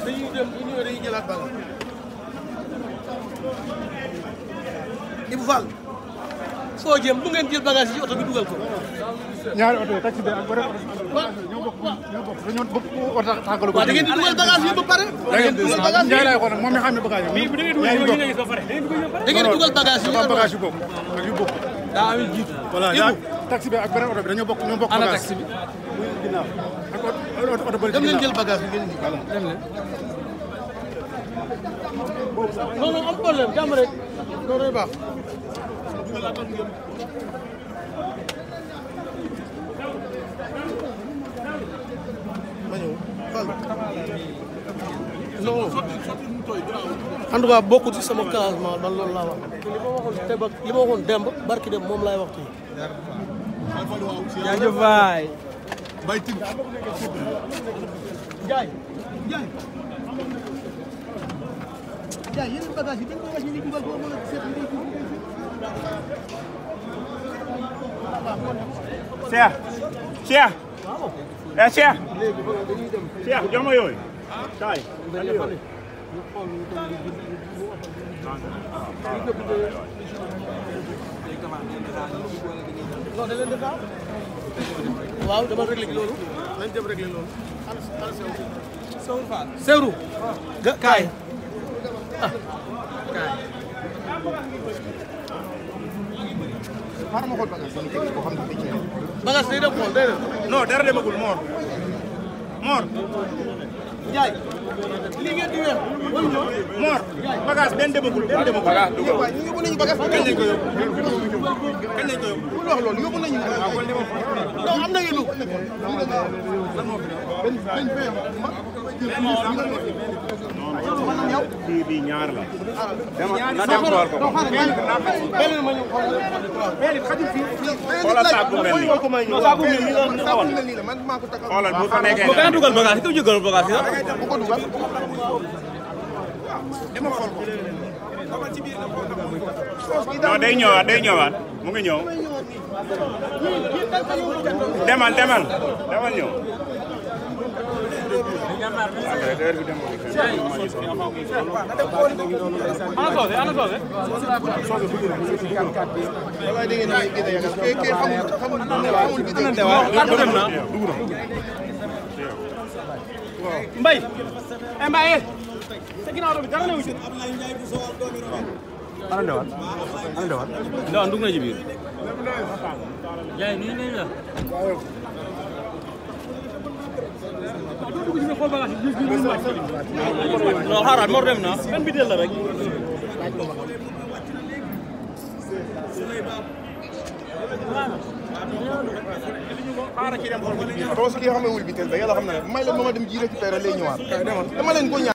dañuy dem bu ñëwee dañuy jëlaat bal Ibou Fall foo jëm bu ngeen jël bagage yi ci oto bi dugal ko. ñaari oto yi taxi bi ak ba ñoo bokk ñoo bokk dañoo bokk oto tàggalu ko. waaw da ngeen di dugal bagage yi ba pare. da ngeen di dugal bagage yi laay xool moom mi xam ne bagage yi. da ngeen di dugal bagage yi. da ngeen di dugal bagage yi. daa am jiitu voilà taxi bi ak beneen oto bi dañoo bokk ñoo bokk bagage ana taxi bi. muy ginnaaw ak oto bëri dem leen jël bagage bi ngeen indi. voilà dem leen. non non am problème jàmm rek loolu day baax. non en tout cas bokku ci sama classement man loolu laa wax li ma waxoon te ba li ma waxoon demb barki dem moom laay waxtu yi jaajëf waay. bay tëj. Ndiaye. Ndiaye. Ndiaye yeneen bagages yi dañ ko wàcc aí dugal ko mën a seet ñu ko. Cheikh. Cheikh. eh Cheikh. Cheikh jox ma yooyu. Kaay. Aliou. non da leen di daal. waaw dama réglé loolu. nañ jëm réglé loolu. Sewru Fall. Sewru. ga Bagas day dem xool day dem. non dara demagul Mor. Mor. Mor bagage benn demagul benn demagul. bagage dugal waaw ñu yóbbu nañu bagage bi kañ lañ ko yóbbu. kañ lañ ko yóbbu. bu wax loolu yóbbu nañu. waaw kon li ma. donc am na yéen a. lan moo fi kii bi ñaar la. na dem xool ko. beneen ma ñu xool. xoolal saako mel nii. saako mel nii loolu ñu xawoon. xoolal bu fa nekkee. bu kenn dugal bagage yi ku dugal bagage yi ah. bu ko dugal. dama xool ko. non day ñëwaat day ñëwaat mu ngi ñëw. demal demal demal ñëw. mbay e mbaye sa ginnaaw bi dara newu ci ana ndewal ana ndewal ndewal dugg na ci biir yaay nii nii la non xaaral Mor dem na benn bi del la rek. xaaral ci dem xool ko. parce que yoo xam ne wul bi teel ba yàlla xam na ne may la ma ma dem ji récupéré lay ñëwaat. dama leen ko ñaan.